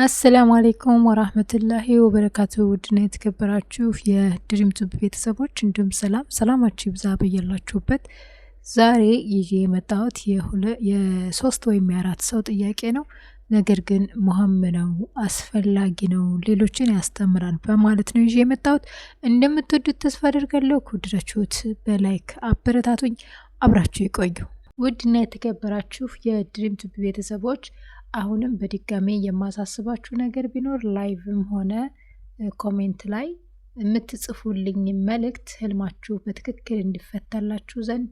አሰላሙ አሌይኩም ወራህመቱላሂ ወበረካቱ። ውድና የተከበራችሁ የድሪም ቱብ ቤተሰቦች እንዲሁም ሰላም ሰላማችሁ ይብዛ በያላችሁበት። ዛሬ ይዤ የመጣሁት የሶስት ወይም የአራት ሰው ጥያቄ ነው። ነገር ግን ሙሀም ነው አስፈላጊ ነው፣ ሌሎችን ያስተምራል በማለት ነው ይዤ የመጣሁት። እንደምትወዱት ተስፋ አደርጋለሁ። ከወደዳችሁት በላይክ አበረታቱኝ። አብራችሁ ይቆዩ። ውድና የተከበራችሁ የድሪም ቱብ ቤተሰቦች አሁንም በድጋሜ የማሳስባችሁ ነገር ቢኖር ላይቭም ሆነ ኮሜንት ላይ የምትጽፉልኝ መልእክት ህልማችሁ በትክክል እንዲፈታላችሁ ዘንድ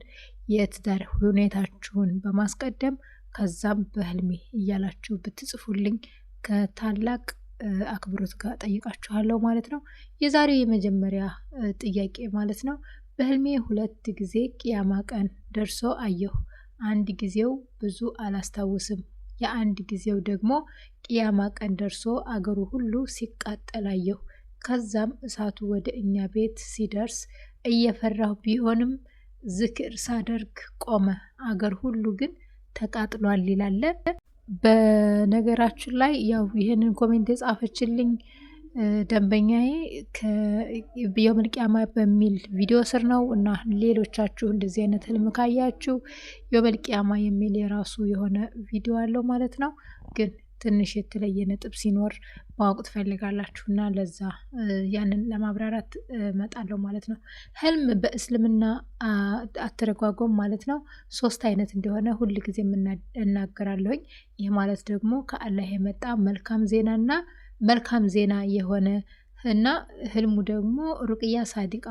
የትዳር ሁኔታችሁን በማስቀደም ከዛም በህልሜ እያላችሁ ብትጽፉልኝ ከታላቅ አክብሮት ጋር ጠይቃችኋለሁ ማለት ነው። የዛሬው የመጀመሪያ ጥያቄ ማለት ነው። በህልሜ ሁለት ጊዜ ቅያማ ቀን ደርሶ አየሁ። አንድ ጊዜው ብዙ አላስታውስም፣ የአንድ ጊዜው ደግሞ ቅያማ ቀን ደርሶ አገሩ ሁሉ ሲቃጠል አየሁ። ከዛም እሳቱ ወደ እኛ ቤት ሲደርስ እየፈራሁ ቢሆንም ዝክር ሳደርግ ቆመ። አገር ሁሉ ግን ተቃጥሏል ይላለን። በነገራችን ላይ ያው ይህንን ኮሜንት የጻፈችልኝ ደንበኛዬ ከየውመል በሚል ቪዲዮ ስር ነው እና ሌሎቻችሁ እንደዚህ አይነት ህልም ካያችሁ የመልቅያማ የሚል የራሱ የሆነ ቪዲዮ አለው ማለት ነው። ግን ትንሽ የተለየ ነጥብ ሲኖር ማወቅ ትፈልጋላችሁ እና ለዛ ያንን ለማብራራት መጣለው ማለት ነው። ህልም በእስልምና አተረጓጎም ማለት ነው ሶስት አይነት እንደሆነ ሁል ጊዜ እናገራለሁኝ። ይህ ማለት ደግሞ ከአላህ የመጣ መልካም ዜናና መልካም ዜና የሆነ እና ህልሙ ደግሞ ሩቅያ ሳዲቃ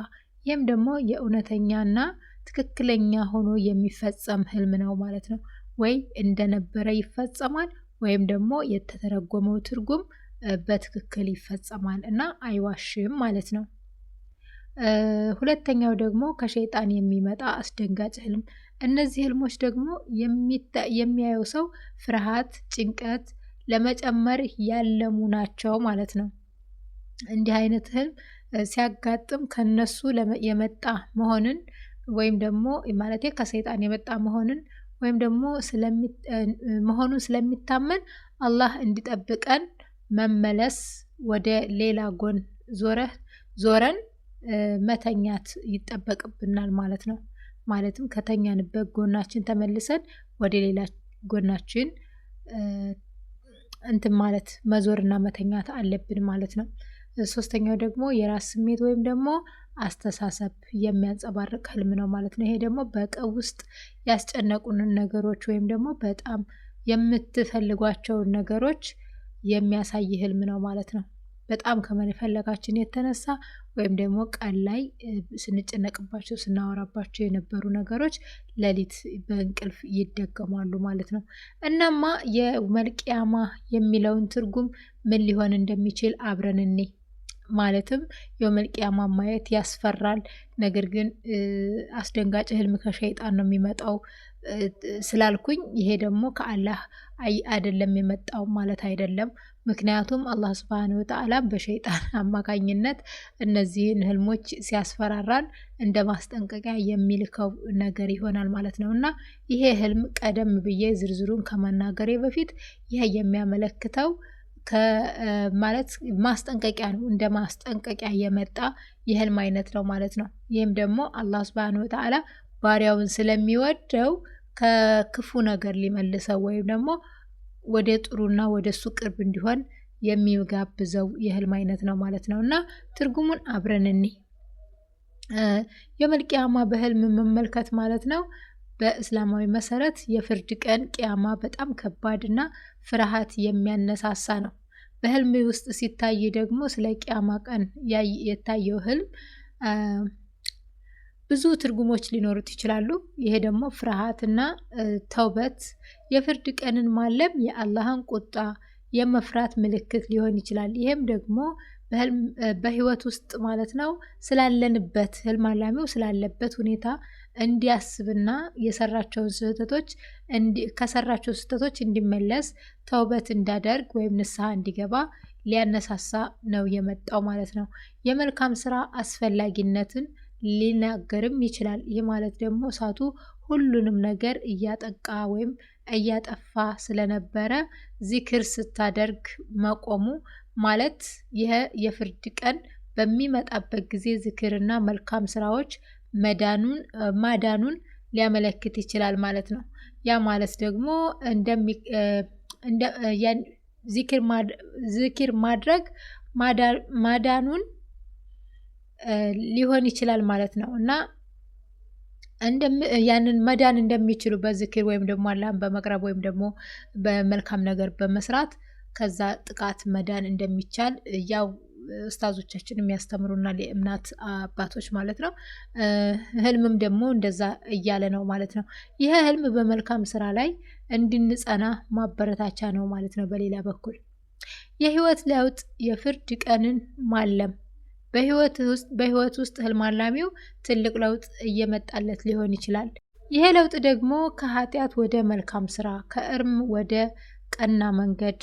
ይህም ደግሞ የእውነተኛና ትክክለኛ ሆኖ የሚፈጸም ህልም ነው ማለት ነው። ወይ እንደነበረ ይፈጸማል ወይም ደግሞ የተተረጎመው ትርጉም በትክክል ይፈጸማል እና አይዋሽም ማለት ነው። ሁለተኛው ደግሞ ከሸይጣን የሚመጣ አስደንጋጭ ህልም። እነዚህ ህልሞች ደግሞ የሚያየው ሰው ፍርሃት፣ ጭንቀት፣ ለመጨመር ያለሙ ናቸው ማለት ነው። እንዲህ አይነት ህልም ሲያጋጥም ከነሱ የመጣ መሆንን ወይም ደግሞ ማለት ከሰይጣን የመጣ መሆንን ወይም ደግሞ መሆኑን ስለሚታመን አላህ እንዲጠብቀን መመለስ ወደ ሌላ ጎን ዞረን መተኛት ይጠበቅብናል ማለት ነው። ማለትም ከተኛንበት ጎናችን ተመልሰን ወደ ሌላ ጎናችን እንትን ማለት መዞርና መተኛት አለብን ማለት ነው። ሶስተኛው ደግሞ የራስ ስሜት ወይም ደግሞ አስተሳሰብ የሚያንጸባርቅ ህልም ነው ማለት ነው። ይሄ ደግሞ በቀን ውስጥ ያስጨነቁንን ነገሮች ወይም ደግሞ በጣም የምትፈልጓቸውን ነገሮች የሚያሳይ ህልም ነው ማለት ነው በጣም ከመፈለጋችን የተነሳ ወይም ደግሞ ቀን ላይ ስንጨነቅባቸው ስናወራባቸው የነበሩ ነገሮች ሌሊት በእንቅልፍ ይደገማሉ ማለት ነው። እናማ የመልቅያማ የሚለውን ትርጉም ምን ሊሆን እንደሚችል አብረን እኔ ማለትም የመልቅያማ ማየት ያስፈራል፣ ነገር ግን አስደንጋጭ ህልም ከሸይጣን ነው የሚመጣው ስላልኩኝ ይሄ ደግሞ ከአላህ አይደለም የመጣው ማለት አይደለም። ምክንያቱም አላህ ስብሃነ ወተዓላ በሸይጣን አማካኝነት እነዚህን ህልሞች ሲያስፈራራን እንደ ማስጠንቀቂያ የሚልከው ነገር ይሆናል ማለት ነው እና ይሄ ህልም ቀደም ብዬ ዝርዝሩን ከመናገሬ በፊት ይህ የሚያመለክተው ማለት ማስጠንቀቂያ ነው። እንደ ማስጠንቀቂያ የመጣ የህልም አይነት ነው ማለት ነው። ይህም ደግሞ አላህ ስብሃነ ወተዓላ ባሪያውን ስለሚወደው ከክፉ ነገር ሊመልሰው ወይም ደግሞ ወደ ጥሩና ወደ እሱ ቅርብ እንዲሆን የሚጋብዘው የህልም አይነት ነው ማለት ነው። እና ትርጉሙን አብረን እኒ የውመል በህልም መመልከት ማለት ነው። በእስላማዊ መሰረት የፍርድ ቀን ቅያማ በጣም ከባድ እና ፍርሃት የሚያነሳሳ ነው። በህልም ውስጥ ሲታይ ደግሞ ስለ ቂያማ ቀን የታየው ህልም ብዙ ትርጉሞች ሊኖሩት ይችላሉ። ይሄ ደግሞ ፍርሃትና ተውበት፣ የፍርድ ቀንን ማለም የአላህን ቁጣ የመፍራት ምልክት ሊሆን ይችላል። ይህም ደግሞ በህይወት ውስጥ ማለት ነው ስላለንበት ህልም አላሚው ስላለበት ሁኔታ እንዲያስብና የሰራቸውን ስህተቶች ከሰራቸው ስህተቶች እንዲመለስ ተውበት እንዳደርግ ወይም ንስሐ እንዲገባ ሊያነሳሳ ነው የመጣው ማለት ነው። የመልካም ስራ አስፈላጊነትን ሊናገርም ይችላል። ይህ ማለት ደግሞ እሳቱ ሁሉንም ነገር እያጠቃ ወይም እያጠፋ ስለነበረ ዚክር ስታደርግ መቆሙ ማለት ይህ የፍርድ ቀን በሚመጣበት ጊዜ ዝክርና መልካም ስራዎች ማዳኑን ሊያመለክት ይችላል ማለት ነው። ያ ማለት ደግሞ ዚክር ማድረግ ማዳኑን ሊሆን ይችላል ማለት ነው እና ያንን መዳን እንደሚችሉ በዝክር ወይም ደግሞ አላህን በመቅረብ ወይም ደግሞ በመልካም ነገር በመስራት ከዛ ጥቃት መዳን እንደሚቻል ያው እስታዞቻችን የሚያስተምሩና የእምነት አባቶች ማለት ነው። ህልምም ደግሞ እንደዛ እያለ ነው ማለት ነው። ይህ ህልም በመልካም ስራ ላይ እንድንጸና ማበረታቻ ነው ማለት ነው። በሌላ በኩል የህይወት ለውጥ የፍርድ ቀንን ማለም በህይወት ውስጥ ህልማላሚው ህልም አላሚው ትልቅ ለውጥ እየመጣለት ሊሆን ይችላል። ይሄ ለውጥ ደግሞ ከኃጢአት ወደ መልካም ስራ፣ ከእርም ወደ ቀና መንገድ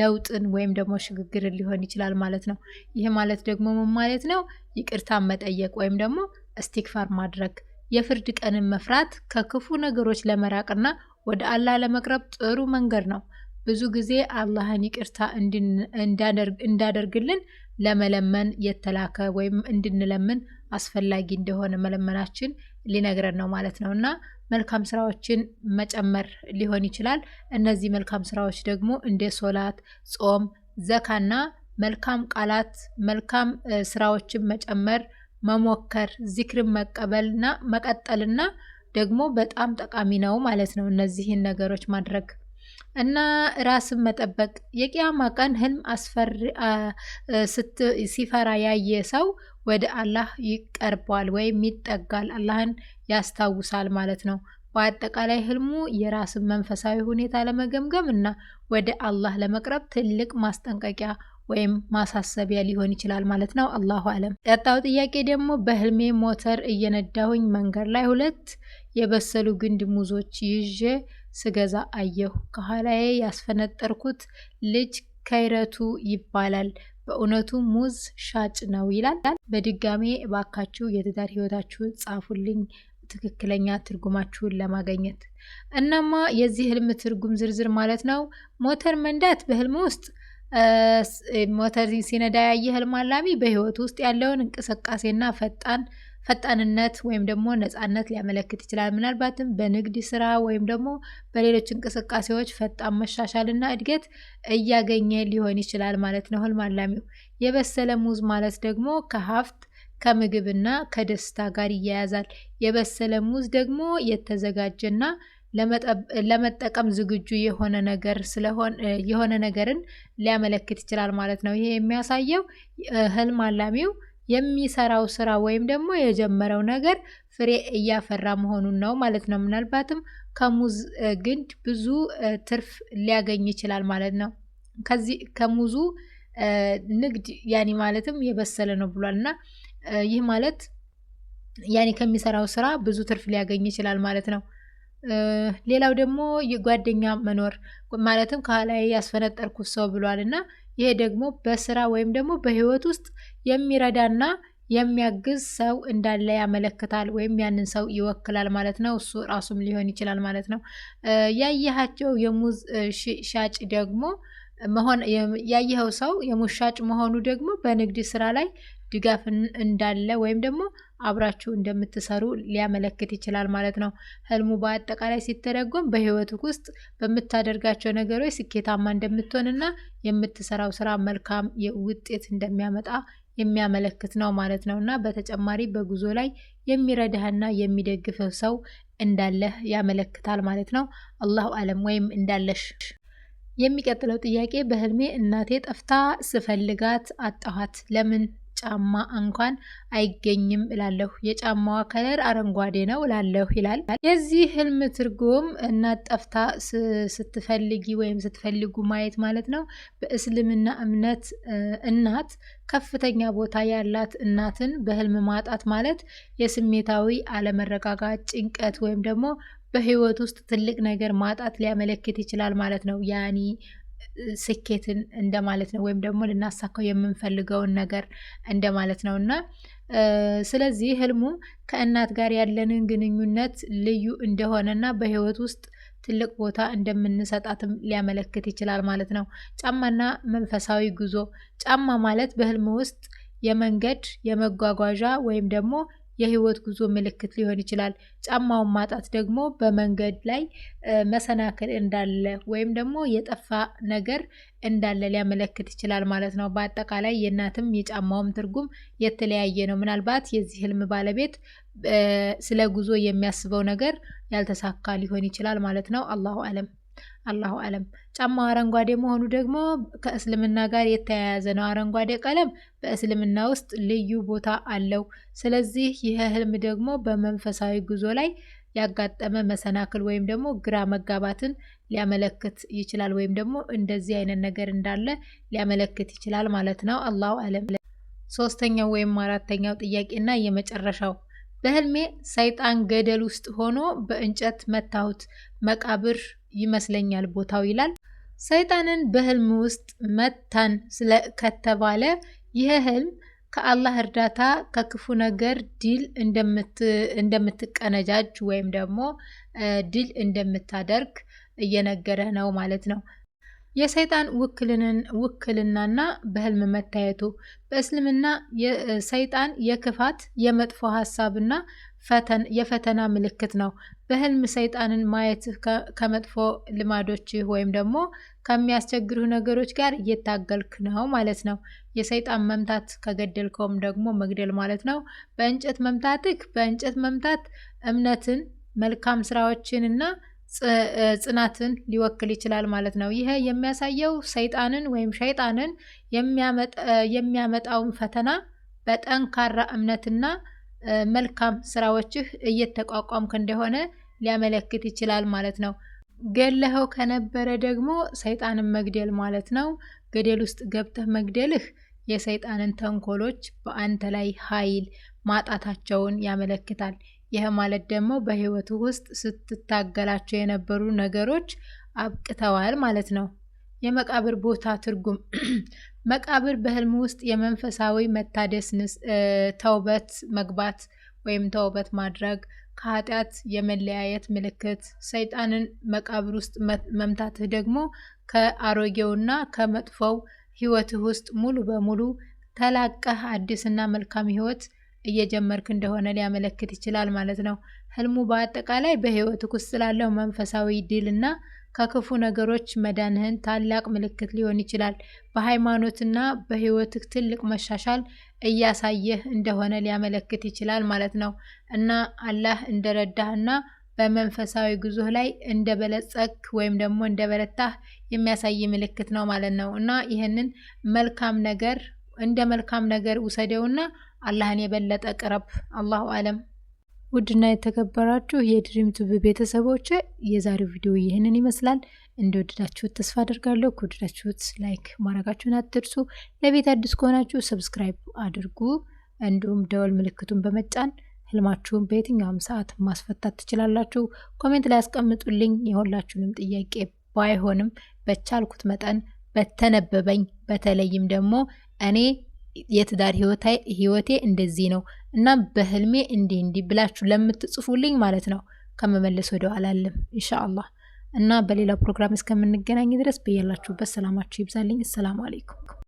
ለውጥን ወይም ደግሞ ሽግግርን ሊሆን ይችላል ማለት ነው። ይሄ ማለት ደግሞ ምን ማለት ነው? ይቅርታ መጠየቅ ወይም ደግሞ እስቲክፋር ማድረግ፣ የፍርድ ቀንን መፍራት ከክፉ ነገሮች ለመራቅና ወደ አላህ ለመቅረብ ጥሩ መንገድ ነው። ብዙ ጊዜ አላህን ይቅርታ እንዳደርግልን ለመለመን የተላከ ወይም እንድንለምን አስፈላጊ እንደሆነ መለመናችን ሊነግረን ነው ማለት ነው እና መልካም ስራዎችን መጨመር ሊሆን ይችላል። እነዚህ መልካም ስራዎች ደግሞ እንደ ሶላት፣ ጾም፣ ዘካና መልካም ቃላት፣ መልካም ስራዎችን መጨመር፣ መሞከር፣ ዚክርን መቀበልና መቀጠልና ደግሞ በጣም ጠቃሚ ነው ማለት ነው እነዚህን ነገሮች ማድረግ እና ራስን መጠበቅ የቅያማ ቀን ህልም አስፈሪ ሲፈራ ያየ ሰው ወደ አላህ ይቀርባል ወይም ይጠጋል፣ አላህን ያስታውሳል ማለት ነው። በአጠቃላይ ህልሙ የራስን መንፈሳዊ ሁኔታ ለመገምገም እና ወደ አላህ ለመቅረብ ትልቅ ማስጠንቀቂያ ወይም ማሳሰቢያ ሊሆን ይችላል ማለት ነው። አላሁ አለም። ቀጣው ጥያቄ ደግሞ በህልሜ ሞተር እየነዳሁኝ መንገድ ላይ ሁለት የበሰሉ ግንድ ሙዞች ይዤ ስገዛ አየሁ። ከኋላዬ ያስፈነጠርኩት ልጅ ከይረቱ ይባላል። በእውነቱ ሙዝ ሻጭ ነው ይላል። በድጋሜ እባካችሁ የትዳር ህይወታችሁን ጻፉልኝ ትክክለኛ ትርጉማችሁን ለማገኘት። እናማ የዚህ ህልም ትርጉም ዝርዝር ማለት ነው ሞተር መንዳት በህልም ውስጥ ሞተር ሲነዳ ያየ ህልም አላሚ በህይወቱ ውስጥ ያለውን እንቅስቃሴና ፈጣን ፈጣንነት ወይም ደግሞ ነፃነት ሊያመለክት ይችላል። ምናልባትም በንግድ ስራ ወይም ደግሞ በሌሎች እንቅስቃሴዎች ፈጣን መሻሻልና እድገት እያገኘ ሊሆን ይችላል ማለት ነው ህልማላሚው የበሰለ ሙዝ ማለት ደግሞ ከሀብት ከምግብና ከደስታ ጋር ይያያዛል። የበሰለ ሙዝ ደግሞ የተዘጋጀና ለመጠቀም ዝግጁ የሆነ ነገር ስለሆነ የሆነ ነገርን ሊያመለክት ይችላል ማለት ነው። ይሄ የሚያሳየው ህልም አላሚው የሚሰራው ስራ ወይም ደግሞ የጀመረው ነገር ፍሬ እያፈራ መሆኑን ነው ማለት ነው። ምናልባትም ከሙዝ ግንድ ብዙ ትርፍ ሊያገኝ ይችላል ማለት ነው። ከዚህ ከሙዙ ንግድ ያኔ ማለትም የበሰለ ነው ብሏል እና ይህ ማለት ያኔ ከሚሰራው ስራ ብዙ ትርፍ ሊያገኝ ይችላል ማለት ነው። ሌላው ደግሞ የጓደኛ መኖር ማለትም ከኋላ ያስፈነጠርኩት ሰው ብሏል እና ይሄ ደግሞ በስራ ወይም ደግሞ በህይወት ውስጥ የሚረዳና የሚያግዝ ሰው እንዳለ ያመለክታል ወይም ያንን ሰው ይወክላል ማለት ነው። እሱ ራሱም ሊሆን ይችላል ማለት ነው። ያየሃቸው የሙዝ ሻጭ ደግሞ መሆን ያየኸው ሰው የሙዝ ሻጭ መሆኑ ደግሞ በንግድ ስራ ላይ ድጋፍ እንዳለ ወይም ደግሞ አብራችሁ እንደምትሰሩ ሊያመለክት ይችላል ማለት ነው። ህልሙ በአጠቃላይ ሲተረጎም በህይወት ውስጥ በምታደርጋቸው ነገሮች ስኬታማ እንደምትሆንና የምትሰራው ስራ መልካም ውጤት እንደሚያመጣ የሚያመለክት ነው ማለት ነው እና በተጨማሪ በጉዞ ላይ የሚረዳህና የሚደግፍህ ሰው እንዳለህ ያመለክታል ማለት ነው። አላሁ አለም ወይም እንዳለሽ። የሚቀጥለው ጥያቄ በህልሜ እናቴ ጠፍታ ስፈልጋት አጣኋት፣ ለምን ጫማ እንኳን አይገኝም እላለሁ። የጫማዋ ከለር አረንጓዴ ነው እላለሁ ይላል። የዚህ ህልም ትርጉም እናት ጠፍታ ስትፈልጊ ወይም ስትፈልጉ ማየት ማለት ነው። በእስልምና እምነት እናት ከፍተኛ ቦታ ያላት እናትን በህልም ማጣት ማለት የስሜታዊ አለመረጋጋት፣ ጭንቀት ወይም ደግሞ በህይወት ውስጥ ትልቅ ነገር ማጣት ሊያመለክት ይችላል ማለት ነው ያኒ ስኬትን እንደማለት ነው፣ ወይም ደግሞ ልናሳካው የምንፈልገውን ነገር እንደማለት ነው እና ስለዚህ ህልሙ ከእናት ጋር ያለንን ግንኙነት ልዩ እንደሆነና በህይወት ውስጥ ትልቅ ቦታ እንደምንሰጣትም ሊያመለክት ይችላል ማለት ነው። ጫማና መንፈሳዊ ጉዞ ጫማ ማለት በህልም ውስጥ የመንገድ የመጓጓዣ ወይም ደግሞ የህይወት ጉዞ ምልክት ሊሆን ይችላል። ጫማውን ማጣት ደግሞ በመንገድ ላይ መሰናክል እንዳለ ወይም ደግሞ የጠፋ ነገር እንዳለ ሊያመለክት ይችላል ማለት ነው። በአጠቃላይ የእናትም የጫማውም ትርጉም የተለያየ ነው። ምናልባት የዚህ ህልም ባለቤት ስለ ጉዞ የሚያስበው ነገር ያልተሳካ ሊሆን ይችላል ማለት ነው። አላሁ አለም። አላሁ አለም። ጫማው አረንጓዴ መሆኑ ደግሞ ከእስልምና ጋር የተያያዘ ነው። አረንጓዴ ቀለም በእስልምና ውስጥ ልዩ ቦታ አለው። ስለዚህ ይህ ህልም ደግሞ በመንፈሳዊ ጉዞ ላይ ያጋጠመ መሰናክል ወይም ደግሞ ግራ መጋባትን ሊያመለክት ይችላል፣ ወይም ደግሞ እንደዚህ አይነት ነገር እንዳለ ሊያመለክት ይችላል ማለት ነው። አላሁ አለም። ሶስተኛው ወይም አራተኛው ጥያቄና የመጨረሻው በህልሜ ሰይጣን ገደል ውስጥ ሆኖ በእንጨት መታሁት፣ መቃብር ይመስለኛል ቦታው ይላል። ሰይጣንን በህልም ውስጥ መታን ከተባለ ይህ ህልም ከአላህ እርዳታ ከክፉ ነገር ድል እንደምትቀነጃጅ ወይም ደግሞ ድል እንደምታደርግ እየነገረ ነው ማለት ነው። የሰይጣን ውክልናና በህልም መታየቱ በእስልምና ሰይጣን የክፋት የመጥፎ ሀሳብና የፈተና ምልክት ነው። በህልም ሰይጣንን ማየት ከመጥፎ ልማዶችህ ወይም ደግሞ ከሚያስቸግሩ ነገሮች ጋር እየታገልክ ነው ማለት ነው። የሰይጣን መምታት ከገደልከውም ደግሞ መግደል ማለት ነው። በእንጨት መምታትህ በእንጨት መምታት እምነትን መልካም ስራዎችንና ጽናትን ሊወክል ይችላል ማለት ነው። ይሄ የሚያሳየው ሰይጣንን ወይም ሸይጣንን የሚያመጣውን ፈተና በጠንካራ እምነትና መልካም ስራዎችህ እየተቋቋምክ እንደሆነ ሊያመለክት ይችላል ማለት ነው። ገለኸው ከነበረ ደግሞ ሰይጣንን መግደል ማለት ነው። ገደል ውስጥ ገብተህ መግደልህ የሰይጣንን ተንኮሎች በአንተ ላይ ኃይል ማጣታቸውን ያመለክታል። ይህ ማለት ደግሞ በህይወቱ ውስጥ ስትታገላቸው የነበሩ ነገሮች አብቅተዋል ማለት ነው። የመቃብር ቦታ ትርጉም መቃብር በህልም ውስጥ የመንፈሳዊ መታደስ፣ ተውበት መግባት ወይም ተውበት ማድረግ፣ ከኃጢአት የመለያየት ምልክት። ሰይጣንን መቃብር ውስጥ መምታትህ ደግሞ ከአሮጌውና ከመጥፎው ህይወትህ ውስጥ ሙሉ በሙሉ ተላቀህ አዲስና መልካም ህይወት እየጀመርክ እንደሆነ ሊያመለክት ይችላል ማለት ነው። ህልሙ በአጠቃላይ በህይወትህ ውስጥ ስላለው መንፈሳዊ ድልና ከክፉ ነገሮች መዳንህን ታላቅ ምልክት ሊሆን ይችላል። በሃይማኖትና በህይወትህ ትልቅ መሻሻል እያሳየህ እንደሆነ ሊያመለክት ይችላል ማለት ነው። እና አላህ እንደረዳህና በመንፈሳዊ ጉዞ ላይ እንደበለጸግ ወይም ደግሞ እንደበረታህ የሚያሳይ ምልክት ነው ማለት ነው። እና ይህንን መልካም ነገር እንደ መልካም ነገር ውሰደውና አላህን የበለጠ ቅረብ። አላሁ አለም። ውድና የተከበራችሁ የድሪም ቱብ ቤተሰቦች የዛሬው ቪዲዮ ይህንን ይመስላል። እንደወደዳችሁት ተስፋ አድርጋለሁ። ከወደዳችሁት ላይክ ማድረጋችሁን አትርሱ። ለቤት አዲስ ከሆናችሁ ሰብስክራይብ አድርጉ። እንዲሁም ደወል ምልክቱን በመጫን ህልማችሁን በየትኛውም ሰዓት ማስፈታት ትችላላችሁ። ኮሜንት ላይ ያስቀምጡልኝ። የሁላችሁንም ጥያቄ ባይሆንም በቻልኩት መጠን በተነበበኝ በተለይም ደግሞ እኔ የትዳር ህይወቴ እንደዚህ ነው እና በህልሜ እንዲህ እንዲህ ብላችሁ ለምትጽፉልኝ ማለት ነው ከመመለስ ወደ ኋላ አለም ኢንሻአላህ እና በሌላ ፕሮግራም እስከምንገናኝ ድረስ በያላችሁበት ሰላማችሁ ይብዛልኝ። አሰላሙ አለይኩም።